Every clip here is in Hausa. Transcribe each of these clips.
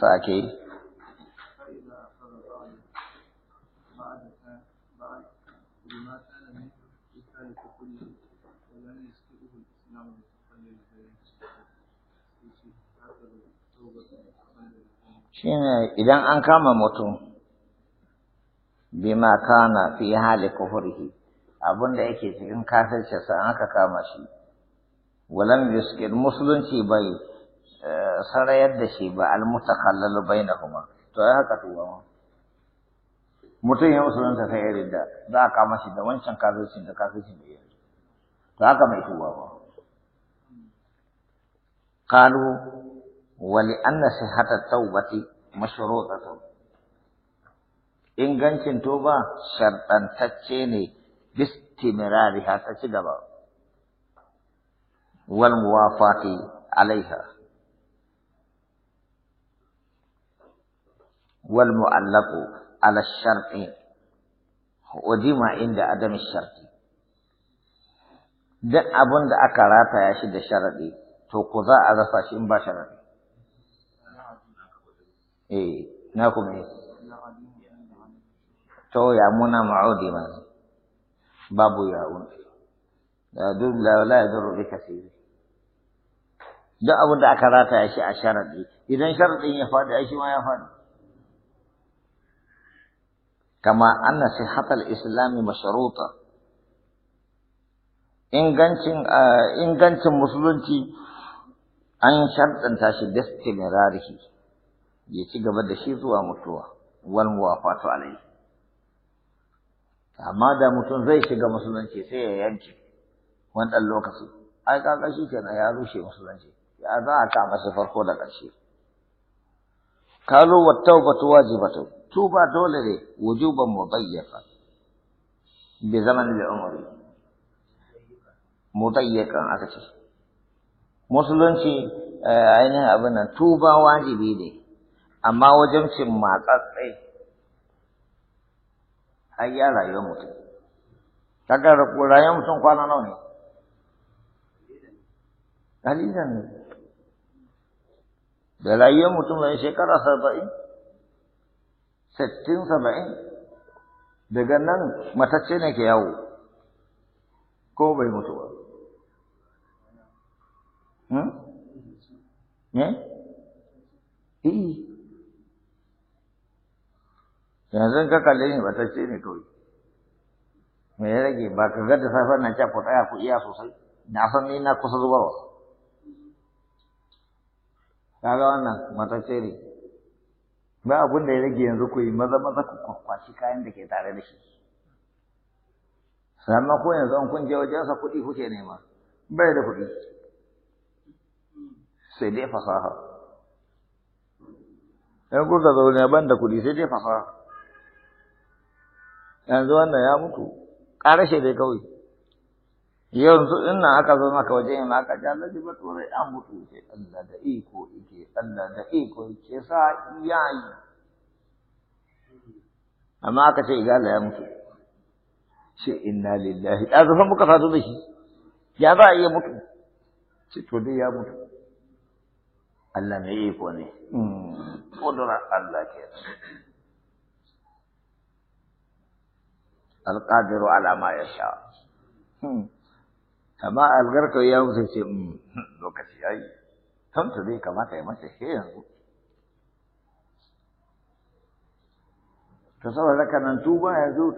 sake shine idan an kama mutum bima kana fi hali kufurihi abinda yake cikin sa an aka kama shi walam yuskir musulunci bai سره يد شي با المتخلل بينهما تو ها كتو ما متي هم سنن ته يريدا دا كما شي دا وين شنكا دو سين دا كا سين دي تو ها كما يتو ما قالوا ولان صحه التوبه مشروطه ingancin toba shartantacce ne bistimirariha ta ci gaba wal muwafati alaiha والمعلق على الشرق وديما عند عدم الشرق دن أبن دا أكراتا يشد الشرق تو قضاء على فاشن باشرا إيه ناكم إيه تو يا منا معودي ما بابو يا أون لا دون لا لا يضر بكثير دا أبن دا أكراتا يشد الشرق إذا الشرق يفاد أي شيء ما يفاد كما أن صحة الإسلام مشروطة ingancin musulunci an sharɗanta shi da istimirarihi ya ci gaba da shi zuwa mutuwa wal muwafatu alai amma da mutum zai shiga musulunci sai ya yanke wani ɗan lokaci ai kaga shi kenan ya rushe musulunci ya za a kama shi farko da ƙarshe kalu wa tawbatu wajibatu tuba dole ne wujuban mudayyafa bi zaman da umari mudayyakan aka ce musulunci eh, ainihin abin nan tuba wajibi ne amma wajen cin matsatsai ai ya rayuwar mutum kaga rayuwar mutum kwana nawa ne ne da rayuwar mutum mai shekara saba'in sittin saba'in daga nan matacce ne ke yawo ko bai mutu ba hmm? yanzu ka kalle ne matacce ne kawai me ya rage ba ka ga da safar na ku tsaya ku iya sosai na san ni na kusa zubarwa kaga wannan matacce ne ba abin da ya rage yanzu ku yi maza maza ku kwakwashi kayan da ke tare da shi sannan ko yanzu an kun je sa kuɗi kuke nema bai da kuɗi sai dai fasaha Ya kuka zaune ban da kuɗi sai dai fasaha yanzu wannan ya mutu ƙarashe dai kawai yanzu ina aka zo maka waje yin aka ji ba ji baturai an mutu ce Allah da iko ike Allah da iko ke sa iyayi amma aka ce igala ya mutu ce inna lillahi da zafa muka fado da shi ya za a iya mutu ce to dai ya mutu Allah mai iko ne hmm, kudurar Allah ke alƙadiru ala ma ya sha hmm. amma algarka ya musu ce mm, lokaci ya tantu dai kamata ya mace he yanzu to saboda haka nan tuba yanzu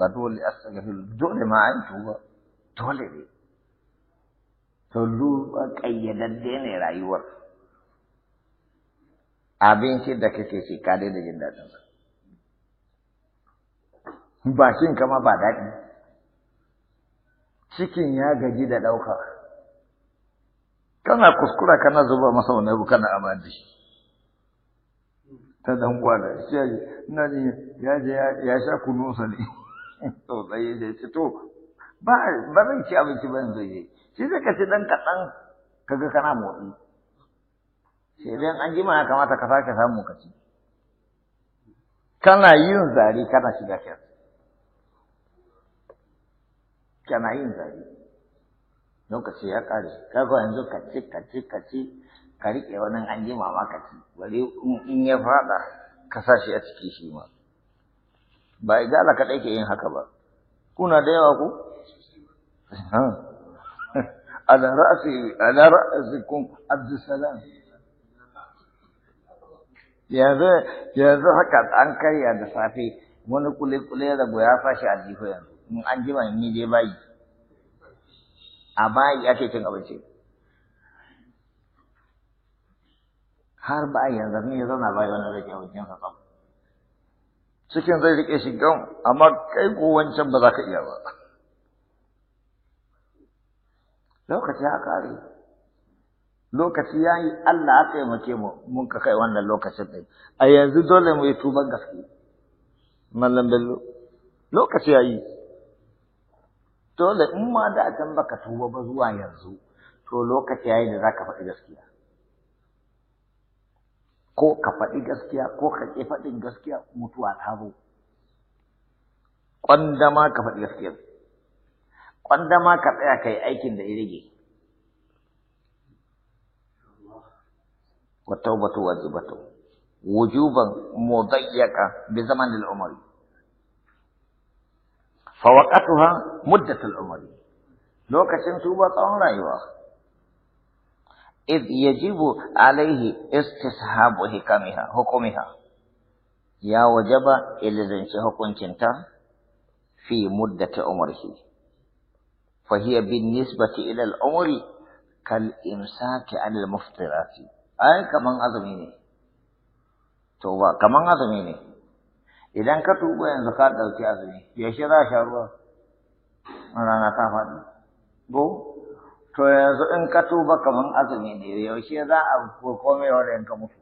ba dole astaghfir dole ma an tuba dole ne to duba kayyadadde ne rayuwar abinci da kake shi ka daina jin daɗin ba shin kama ba daɗi cikin ya gaji da ɗauka kana kuskura kana zuba masa wani abu kana amadi ta dan gwada shi ina ji ya je ya sha kunu ne to sai ya ce to ba ba zan ci abinci ba yanzu yi shi zai ka ci dan kaɗan kaga kana motsi sai dan an jima ya kamata ka sake samu ka ci kana yin zari kana shiga kenan kana yin zari lokaci ya ƙare kaga yanzu ka ci ka ci ka ci ka riƙe wani an ji mama ka ci bari in ya faɗa ka sa shi a ciki shi ma ba gala kaɗai ke yin haka ba kuna da yawa ku ala ra'asi ala ra'asikum abdussalam yanzu yanzu haka an karya da safe wani kule kule da goya ya fashi a jifo yanzu in an jima ni dai bayi a bayi ake cin abinci har ba yanzu ne ya zauna bayi wani zai kai abincin sa sam cikin zai rike shi gan amma kai ko wancan ba za ka iya ba lokaci ya kare lokaci ya yi Allah ya taimake mu mun ka kai wannan lokacin ɗin a yanzu dole mu yi tuban gaske mallam bello lokaci ya yi dole in ma da can baka tuba ba zuwa yanzu to lokaci yayi da zaka faɗi gaskiya ko ka faɗi gaskiya ko ka ƙi faɗin gaskiya mutuwa ta zo kwandama ka faɗi gaskiya kwandama ka tsaya kai aikin da ya rage والتوبة واجبة وجوبا مضيقة بزمن umari فوقتها مدة العمر لو لوكسن توبة رأيوه إذ يجب عليه استصحاب حكمها حكمها يا وجب إلزنش حكمتها في مدة عمره فهي بالنسبة إلى العمر كالإمساك عن المفطرات أي كمان أظميني توبة كمان أظميني idan ka tuba yanzu ka ɗauki azumi yaushe za sha ruwa rana ta faɗi go to yanzu in ka tuba kaman azumi ne yaushe za a komai wurin ka mutu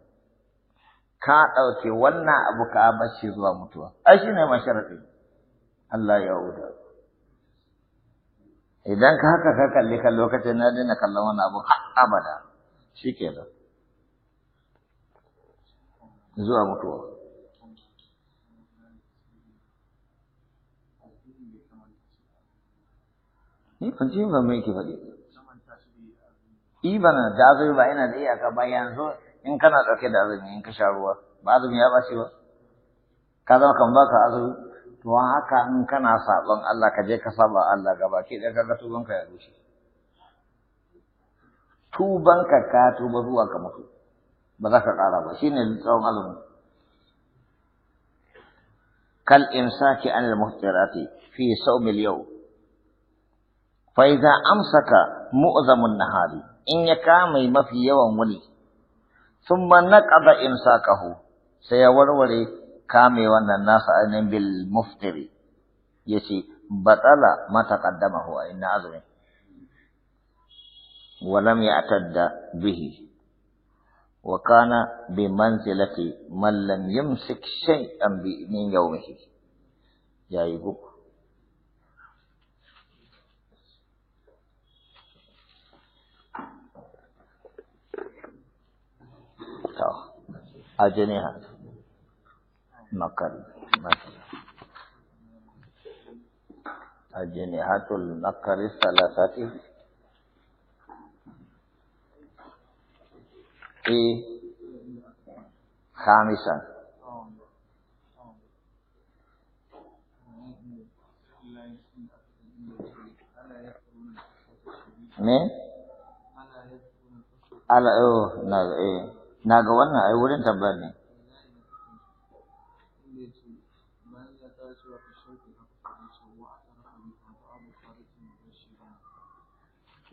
ka ɗauki wannan abu ka bashi zuwa mutuwa ai shi ne masharaɗi Allah ya huda idan ka haka ka kalli ka lokacin na daina kallon wani abu har abada shi ke zuwa mutuwa ni ban ce ba mai ke faɗi ibana da azumi ba yana da iyaka ba yanzu in kana ɗauke da azumi in ka sha ruwa ba azumi ya ɓace ba ka zama kan baka azumi to haka in kana saɓon Allah ka je ka saba Allah gaba ke ɗaya ga tubanka ya rushe tubanka ka tuba zuwa ka mutu ba za ka ƙara ba shine tsawon azumi kal imsaki anil muhtirati fi sau yau. فإذا أمسك مؤذم النهار إن يكامي ما في يوم ولي ثم نقض إمساكه ولي كامي وأن الناس أن بالمفطر يسي بطل ما تقدمه إن عزمه ولم يعتد به وكان بمنزلة من لم يمسك شيئا من يومه يا يقول أجنحة نقل مثلا أجنحة النقل الثلاثة في خامسا من على اوه نعم ايه na ga wannan ai wurin tabbar ne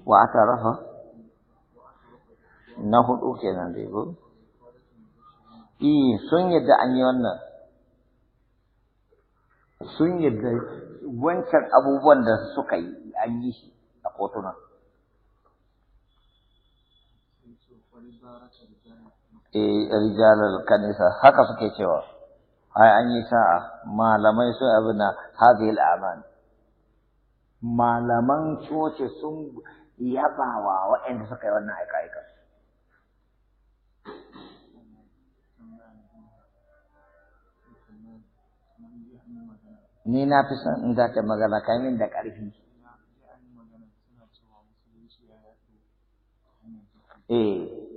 wa atarafa na hudu kenan da ko eh sun yadda an yi wannan sun yadda wancan abubuwan da suka yi an yi shi a kotunan eh rijalul kanisa haka suke cewa ai an yi sa'a malamai sun abin hadhihi al-aman malaman coci sun yabawa waɗanda suka yi wannan aika-aika ni na fi son in za ta magana kai min da ƙarfi eh